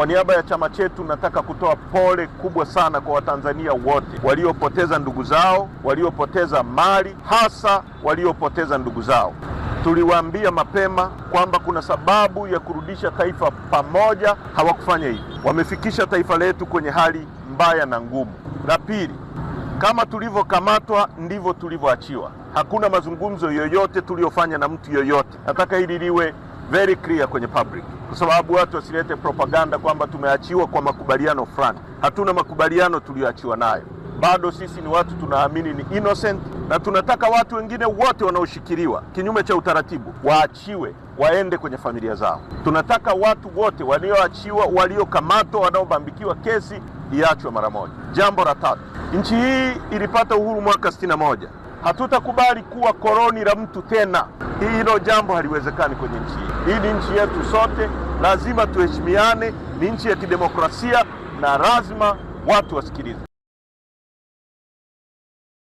Kwa niaba ya chama chetu nataka kutoa pole kubwa sana kwa Watanzania wote waliopoteza ndugu zao, waliopoteza mali, hasa waliopoteza ndugu zao. Tuliwaambia mapema kwamba kuna sababu ya kurudisha taifa pamoja, hawakufanya hivi. Wamefikisha taifa letu kwenye hali mbaya na ngumu. La pili, kama tulivyokamatwa ndivyo tulivyoachiwa. Hakuna mazungumzo yoyote tuliyofanya na mtu yoyote. Nataka hili liwe very clear kwenye public kwa sababu watu wasilete propaganda kwamba tumeachiwa kwa makubaliano fulani. Hatuna makubaliano tuliyoachiwa nayo. Bado sisi ni watu tunaamini ni innocent, na tunataka watu wengine wote wanaoshikiliwa kinyume cha utaratibu waachiwe waende kwenye familia zao. Tunataka watu wote walioachiwa, waliokamatwa, wanaobambikiwa kesi iachwe mara moja. Jambo la tatu, nchi hii ilipata uhuru mwaka sitini na moja. Hatutakubali kuwa koloni la mtu tena. Hilo jambo haliwezekani kwenye nchi hii. Hii ni nchi yetu sote lazima tuheshimiane, ni nchi ya kidemokrasia na lazima watu wasikilize.